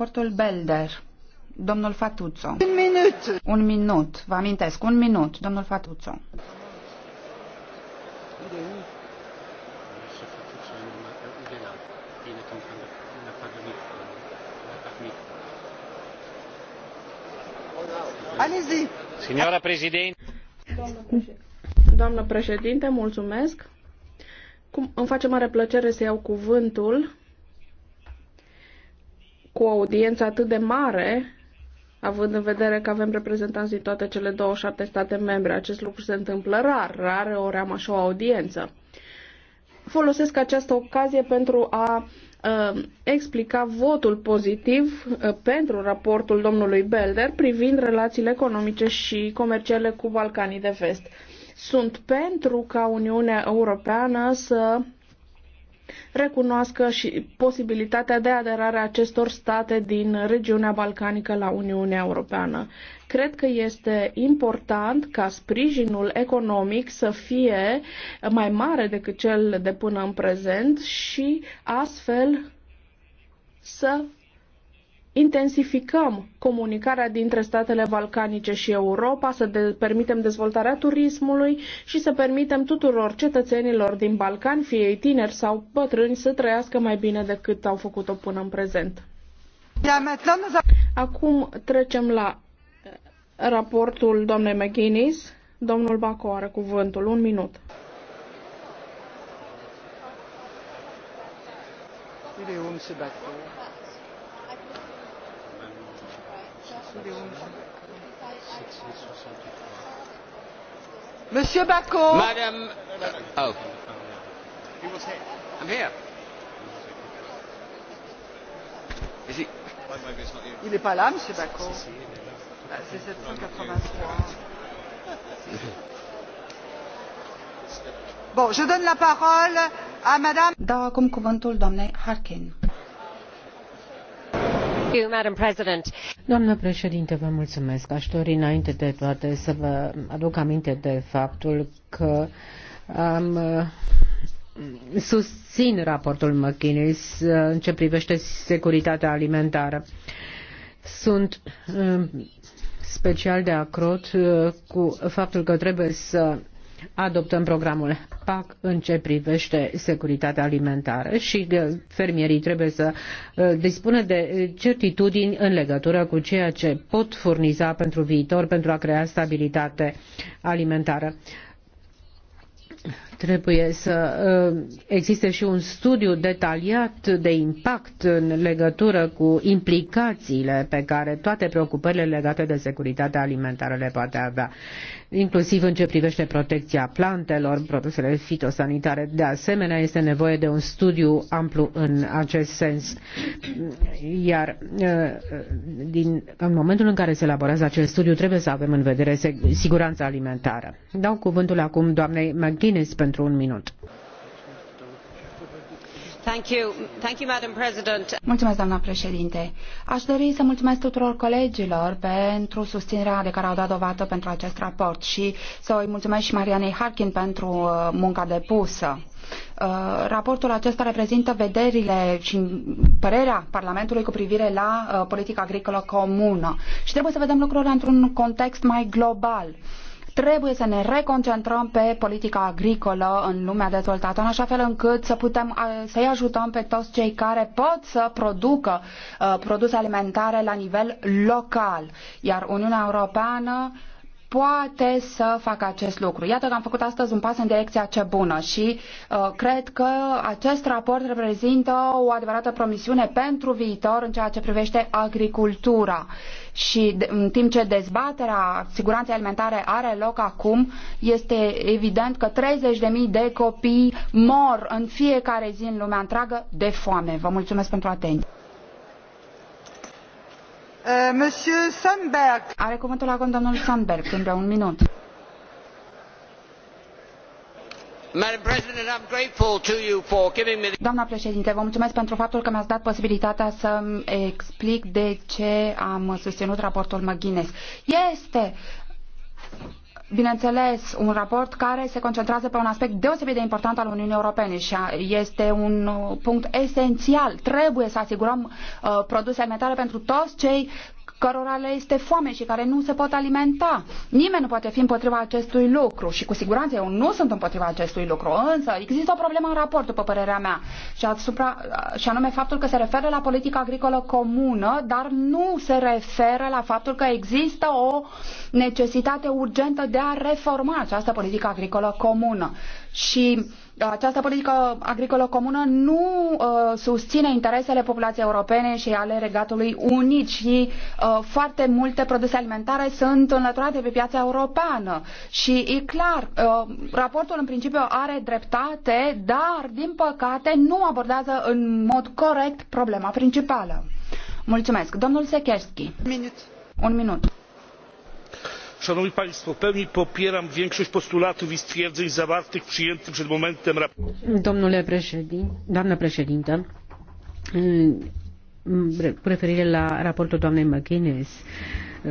Portul Belder. Domnul Fatuzzo. Un minut. Un minut. Vă amintesc, un minut. Domnul Fatuzzo. Signora Presidente. Doamnă președinte, mulțumesc. Cum, îmi face mare plăcere să iau cuvântul cu o audiență atât de mare, având în vedere că avem reprezentanți din toate cele 27 state membre. Acest lucru se întâmplă rar, rare ori am așa o audiență. Folosesc această ocazie pentru a uh, explica votul pozitiv uh, pentru raportul domnului Belder privind relațiile economice și comerciale cu Balcanii de Vest. Sunt pentru ca Uniunea Europeană să recunoască și posibilitatea de aderare a acestor state din regiunea balcanică la Uniunea Europeană. Cred că este important ca sprijinul economic să fie mai mare decât cel de până în prezent și astfel să intensificăm comunicarea dintre statele balcanice și Europa, să de- permitem dezvoltarea turismului și să permitem tuturor cetățenilor din Balcani, fie ei tineri sau bătrâni, să trăiască mai bine decât au făcut-o până în prezent. Da, Acum trecem la eh, raportul doamnei McGuinness. Domnul Baco are cuvântul. Un minut. Il est où, M. Baco Monsieur Bacot. Madame. Uh, oh. I'm here. Is he? Il n'est pas là, Monsieur Bacot. C'est 783. Bon, je donne la parole à Madame. Da acum cuvântul doamnei Harkin. Doamnă președinte, vă mulțumesc. Aș dori înainte de toate să vă aduc aminte de faptul că am uh, susțin raportul McInnes uh, în ce privește securitatea alimentară. Sunt uh, special de acord cu faptul că trebuie să adoptăm programul PAC în ce privește securitatea alimentară și uh, fermierii trebuie să uh, dispună de uh, certitudini în legătură cu ceea ce pot furniza pentru viitor pentru a crea stabilitate alimentară Trebuie să uh, existe și un studiu detaliat de impact în legătură cu implicațiile pe care toate preocupările legate de securitatea alimentară le poate avea, inclusiv în ce privește protecția plantelor, produsele fitosanitare. De asemenea, este nevoie de un studiu amplu în acest sens. Iar uh, din, în momentul în care se elaborează acest studiu, trebuie să avem în vedere siguranța alimentară. Dau cuvântul acum doamnei McGuinness pentru doamnă președinte. Aș dori să mulțumesc tuturor colegilor pentru susținerea de care au dat dovadă pentru acest raport și să îi mulțumesc și Marianei Harkin pentru uh, munca depusă. Uh, raportul acesta reprezintă vederile și părerea Parlamentului cu privire la uh, politica agricolă comună și trebuie să vedem lucrurile într-un context mai global. Trebuie să ne reconcentrăm pe politica agricolă în lumea dezvoltată, în așa fel încât să putem să-i ajutăm pe toți cei care pot să producă uh, produse alimentare la nivel local. Iar Uniunea Europeană uh, poate să facă acest lucru. Iată că am făcut astăzi un pas în direcția ce bună și uh, cred că acest raport reprezintă o adevărată promisiune pentru viitor în ceea ce privește agricultura. Și în timp ce dezbaterea siguranței alimentare are loc acum, este evident că 30.000 de copii mor în fiecare zi în lumea întreagă de foame. Vă mulțumesc pentru atenție. Uh, Monsieur Sandberg. Are cuvântul acum domnul Sandberg, un minut. Doamna președinte, vă mulțumesc pentru faptul că mi-ați dat posibilitatea să explic de ce am susținut raportul McGuinness. Este bineînțeles, un raport care se concentrează pe un aspect deosebit de important al Uniunii Europene și este un uh, punct esențial. Trebuie să asigurăm uh, produse alimentare pentru toți cei cărora le este foame și care nu se pot alimenta. Nimeni nu poate fi împotriva acestui lucru și cu siguranță eu nu sunt împotriva acestui lucru, însă există o problemă în raport, după părerea mea, și, asupra, și anume faptul că se referă la politica agricolă comună, dar nu se referă la faptul că există o necesitate urgentă de a reforma această politică agricolă comună și uh, această politică agricolă comună nu uh, susține interesele populației europene și ale regatului unic și uh, foarte multe produse alimentare sunt înlăturate pe piața europeană. Și e clar, uh, raportul în principiu are dreptate, dar din păcate nu abordează în mod corect problema principală. Mulțumesc. Domnul Secherski. Minut. Un minut pełni popieram większość postulatów i stwierdzeń zawartych w przyjętym przed momentem sprawozdaniu. Mm,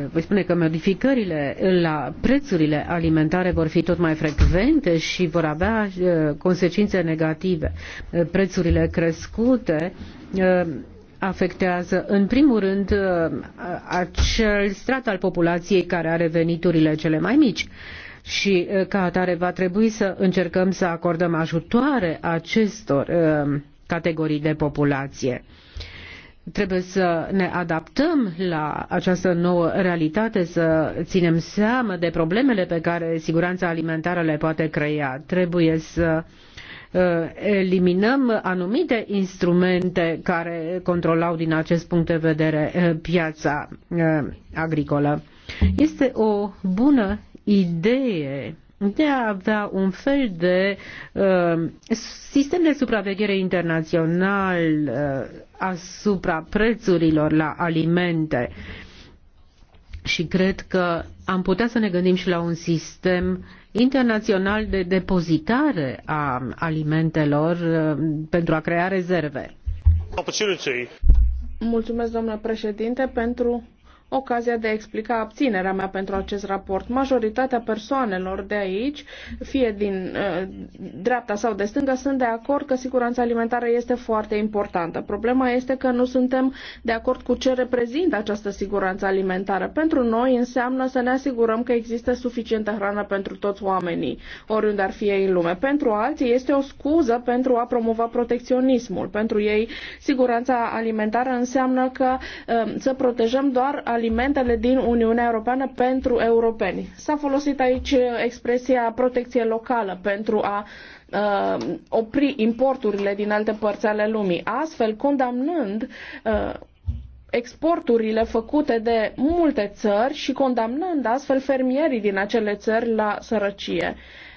eh, voi spune că modificările la prețurile alimentare vor fi tot mai frecvente și vor avea eh, consecințe negative. Eh, prețurile crescute afectează în primul rând uh, acel strat al populației care are veniturile cele mai mici și uh, ca atare va trebui să încercăm să acordăm ajutoare acestor uh, categorii de populație. Trebuie să ne adaptăm la această nouă realitate, să ținem seama de problemele pe care siguranța alimentară le poate crea. Trebuie să uh, Eh, eliminăm anumite instrumente care controlau din acest punct de vedere eh, piața eh, agricolă. Este o bună idee de a avea un fel de sistem de supraveghere internațional asupra prețurilor la alimente și cred că am putea să ne gândim și la un sistem internațional de depozitare a alimentelor uh, pentru a crea rezerve. Mulțumesc, domnule președinte, pentru ocazia de a explica abținerea mea pentru acest raport. Majoritatea persoanelor de aici, fie din uh, dreapta sau de stânga, sunt de acord că siguranța alimentară este foarte importantă. Problema este că nu suntem de acord cu ce reprezintă această siguranță alimentară. Pentru noi înseamnă să ne asigurăm că există suficientă hrană pentru toți oamenii, oriunde ar fi ei în lume. Pentru alții este o scuză pentru a promova protecționismul. Pentru ei, siguranța alimentară înseamnă că uh, să protejăm doar alimentară alimentele din Uniunea Europeană pentru europeni. S-a folosit aici expresia protecție locală pentru a uh, opri importurile din alte părți ale lumii, astfel condamnând uh, exporturile făcute de multe țări și condamnând astfel fermierii din acele țări la sărăcie. Uh,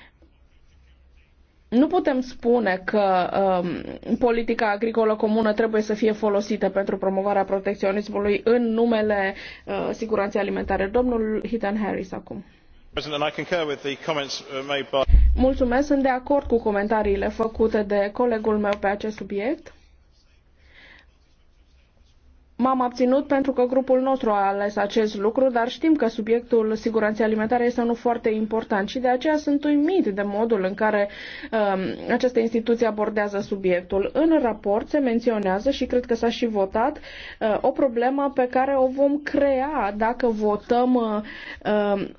nu putem spune că um, politica agricolă comună trebuie să fie folosită pentru promovarea protecționismului în numele uh, siguranței alimentare. Domnul Hitan Harris acum. Uh, Mulțumesc, sunt de acord cu comentariile făcute de colegul meu pe acest subiect M-am abținut pentru că grupul nostru a ales acest lucru, dar știm că subiectul siguranței alimentare este unul foarte important și de aceea sunt uimit de modul în care um, această instituție abordează subiectul. În raport se menționează și cred că s-a și votat uh, o problemă pe care o vom crea dacă votăm uh, uh,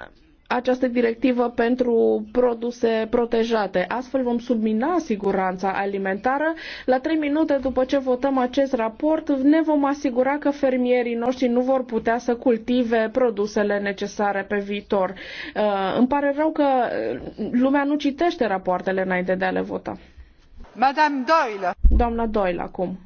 această directivă pentru produse protejate. Astfel vom submina siguranța alimentară. La trei minute după ce votăm acest raport, ne vom asigura că fermierii noștri nu vor putea să cultive produsele necesare pe viitor. Uh, îmi pare rău că uh, lumea nu citește rapoartele înainte de a le vota. Madame Doyle. Doamna Doyle acum.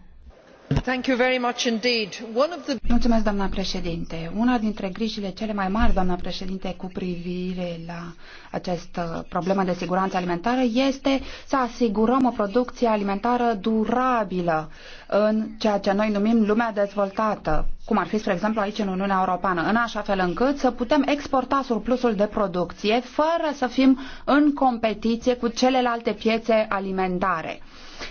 Mulțumesc, președinte. Una dintre grijile cele mai mari, doamnă președinte, cu privire la această problemă de siguranță alimentară este să asigurăm o producție alimentară durabilă în ceea ce noi numim lumea dezvoltată, cum ar fi, spre exemplu, aici în Uniunea Europeană, în așa fel încât să putem exporta surplusul de producție fără să fim în competiție cu celelalte piețe alimentare.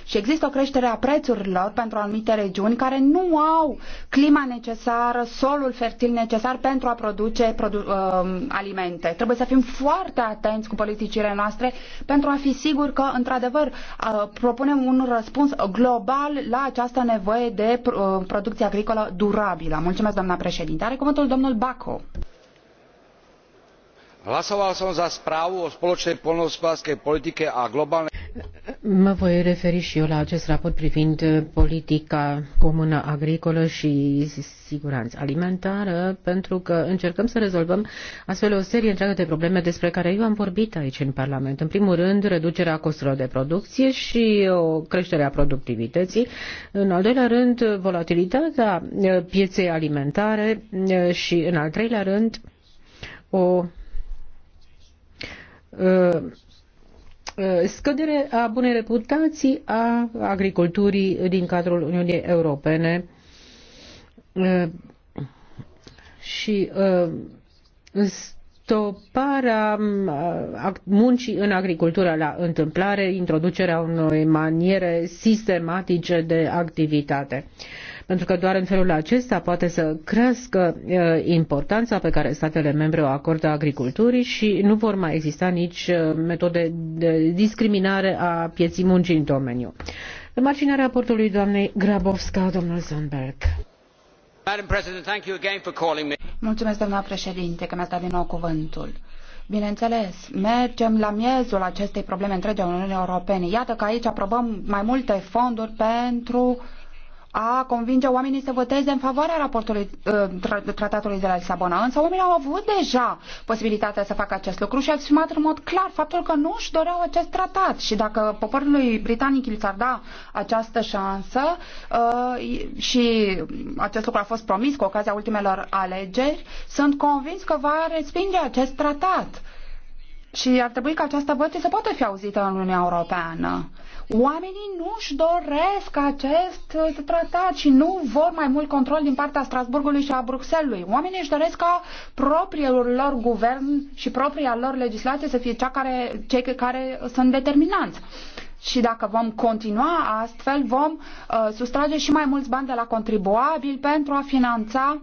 Și există o creștere a prețurilor pentru anumite regiuni care nu au clima necesară, solul fertil necesar pentru a produce produ- uh, alimente. Trebuie să fim foarte atenți cu politicile noastre pentru a fi siguri că, într-adevăr, uh, propunem un răspuns global la această nevoie de uh, producție agricolă durabilă. Mulțumesc, doamna președinte. Are cuvântul domnul Baco hlasoval som za správu o spoločnej poľnohospodárskej politike a globálnej. mă voi referi și eu la acest raport privind eh, politica comună agricolă și siguranță alimentară pentru că încercăm să rezolvăm astfel o serie întreagă de probleme despre care eu am vorbit aici în Parlament. În primul rând, reducerea costurilor de producție și o creștere a productivității. În al doilea rând, volatilitatea eh, pieței alimentare eh, și în al treilea rând, o Uh, uh, scădere a bunei reputații a agriculturii din cadrul Uniunii Europene uh, și stoparea muncii în agricultură la întâmplare, introducerea unei maniere sistematice de activitate pentru că doar în felul acesta poate să crească importanța pe care statele membre o acordă agriculturii și nu vor mai exista nici metode de discriminare a pieții muncii în domeniu. În marginea raportului doamnei Grabovska, domnul Zandberg. Mulțumesc, doamna președinte, că mi-ați dat din nou cuvântul. Bineînțeles, mergem la miezul acestei probleme întregi a Uniunii Europene. Iată că aici aprobăm mai multe fonduri pentru uh, a convinge oamenii să voteze în favoarea raportului uh, tratatului de la Lisabona. Însă oamenii au avut deja posibilitatea să facă acest lucru și au exprimat în mod clar faptul că nu își doreau acest tratat și dacă poporului britanic îi s-ar da această șansă uh, și acest lucru a fost promis cu ocazia ultimelor alegeri, sunt convins că va respinge acest tratat. Și ar trebui ca această voce să poată fi auzită în Uniunea Europeană. Oamenii nu își doresc acest uh, tratat și nu vor mai mult control din partea Strasburgului și a Bruxellesului. Oamenii își doresc ca propriul lor guvern și propria lor legislație să fie cea care, cei care sunt determinanți. Și dacă vom continua astfel, vom uh, sustrage și mai mulți bani de la contribuabil pentru a finanța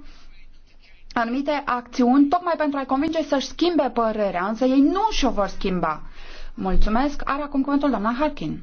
anumite acțiuni, tocmai pentru a-i convinge să-și schimbe părerea, însă ei nu și-o vor schimba. Mulțumesc. Are acum cuvântul doamna Harkin.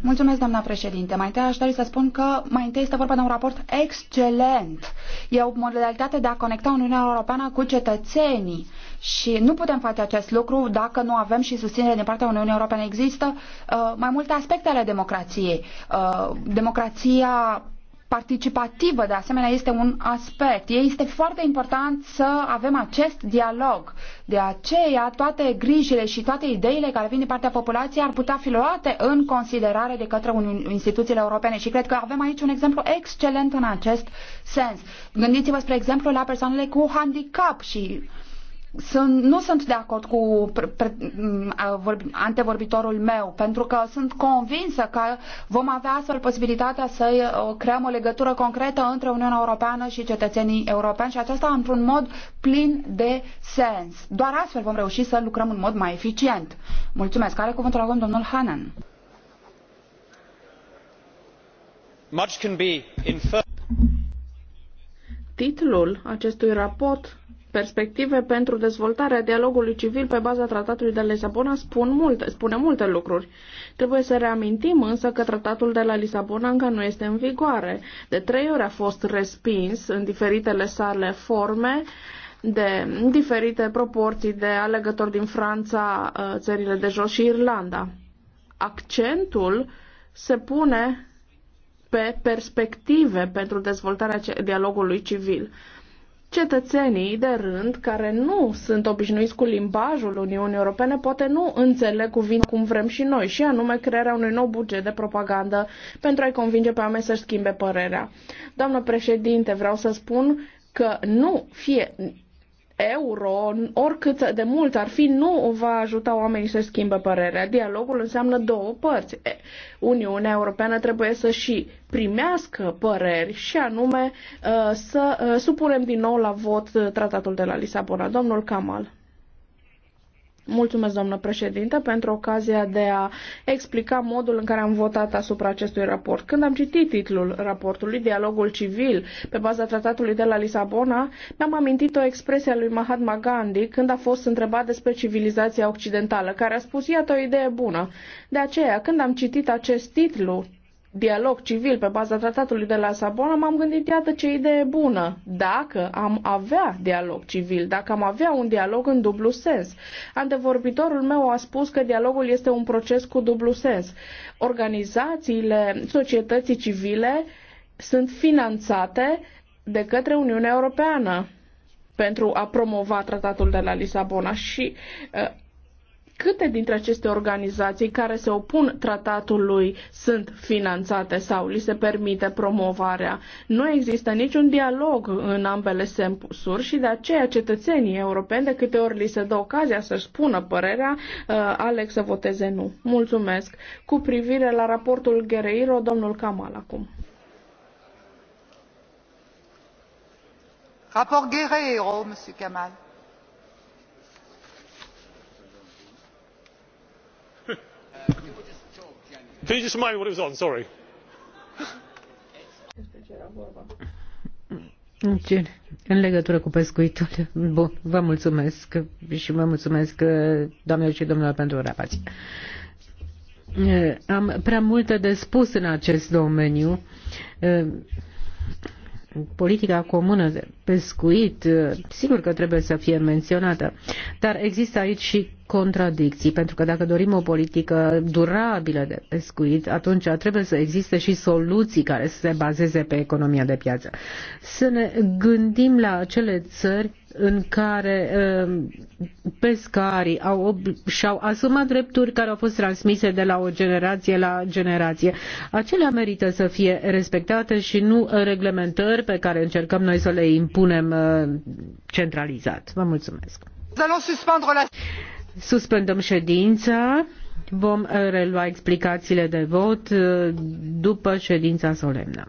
Mulțumesc, doamna președinte. Mai întâi aș dori să spun că mai întâi este vorba de un raport excelent. E o modalitate de a conecta Uniunea Europeană cu cetățenii. Și nu putem face acest lucru dacă nu avem și susținere din partea Uniunii Europene. Există uh, mai multe aspecte ale democrației. Uh, democrația participativă, de asemenea, este un aspect. Este foarte important să avem acest dialog. De aceea, toate grijile și toate ideile care vin din partea populației ar putea fi luate în considerare de către instituțiile europene. Și cred că avem aici un exemplu excelent în acest sens. Gândiți-vă, spre exemplu, la persoanele cu handicap și sunt, nu sunt de acord cu pre, pre, antevorbitorul meu, pentru că sunt convinsă că vom avea astfel posibilitatea să creăm o legătură concretă între Uniunea Europeană și cetățenii europeni și aceasta într-un mod plin de sens. Doar astfel vom reuși să lucrăm în mod mai eficient. Mulțumesc. Care cuvântul acum domnul Hanan. Titlul acestui raport perspective pentru dezvoltarea dialogului civil pe baza tratatului de Lisabona spun multe, spune multe lucruri. Trebuie să reamintim însă că tratatul de la Lisabona încă nu este în vigoare. De trei ori a fost respins în diferitele sale forme de diferite proporții de alegători din Franța, uh, țările de jos și Irlanda. Accentul se pune pe perspective pentru dezvoltarea dialogului civil cetățenii de rând care nu sunt obișnuiți cu limbajul Uniunii Europene poate nu înțeleg cuvinte cum vrem și noi, și anume crearea unui nou buget de propagandă pentru a-i convinge pe oameni să-și schimbe părerea. Doamnă președinte, vreau să spun că nu fie euro, oricât de mult ar fi, nu va ajuta oamenii să schimbe părerea. Dialogul înseamnă două părți. Uniunea Europeană trebuie să și primească păreri și anume uh, să uh, supunem din nou la vot uh, tratatul de la Lisabona. Domnul Kamal. Mulțumesc, doamnă președintă, pentru ocazia de a explica modul în care am votat asupra acestui raport. Când am citit titlul raportului, Dialogul civil, pe baza tratatului de la Lisabona, mi-am amintit o expresie a lui Mahatma Gandhi când a fost întrebat despre civilizația occidentală, care a spus, iată o idee bună. De aceea, când am citit acest titlu, dialog civil pe baza tratatului de la Sabona, m-am gândit, iată ce idee bună, dacă am avea dialog civil, dacă am avea un dialog în dublu sens. Antevorbitorul meu a spus că dialogul este un proces cu dublu sens. Organizațiile societății civile sunt finanțate de către Uniunea Europeană pentru a promova tratatul de la Lisabona și uh, câte dintre aceste organizații care se opun tratatului sunt finanțate sau li se permite promovarea. Nu există niciun dialog în ambele sensuri și de aceea cetățenii europeni, de câte ori li se dă ocazia să-și spună părerea, uh, aleg să voteze nu. Mulțumesc. Cu privire la raportul Guerreiro, domnul Kamal acum. Raport Guerreiro, monsieur Kamal. Can you just remind me what it was on? Sorry. În legătură cu pescuitul, bun, vă mulțumesc și vă mulțumesc, uh, doamnelor și domnilor, pentru rapați. Uh, am prea multe de spus în acest domeniu. Uh, politica comună de pescuit, sigur că trebuie să fie menționată, dar există aici și contradicții, pentru că dacă dorim o politică durabilă de pescuit, atunci trebuie să existe și soluții care să se bazeze pe economia de piață. Să ne gândim la acele țări în care um, pescarii au, și-au asumat drepturi care au fost transmise de la o generație la generație. Acelea merită să fie respectate și nu reglementări pe care încercăm noi să le impunem uh, centralizat. Vă mulțumesc! Suspendăm ședința. Vom relua explicațiile de vot uh, după ședința solemnă.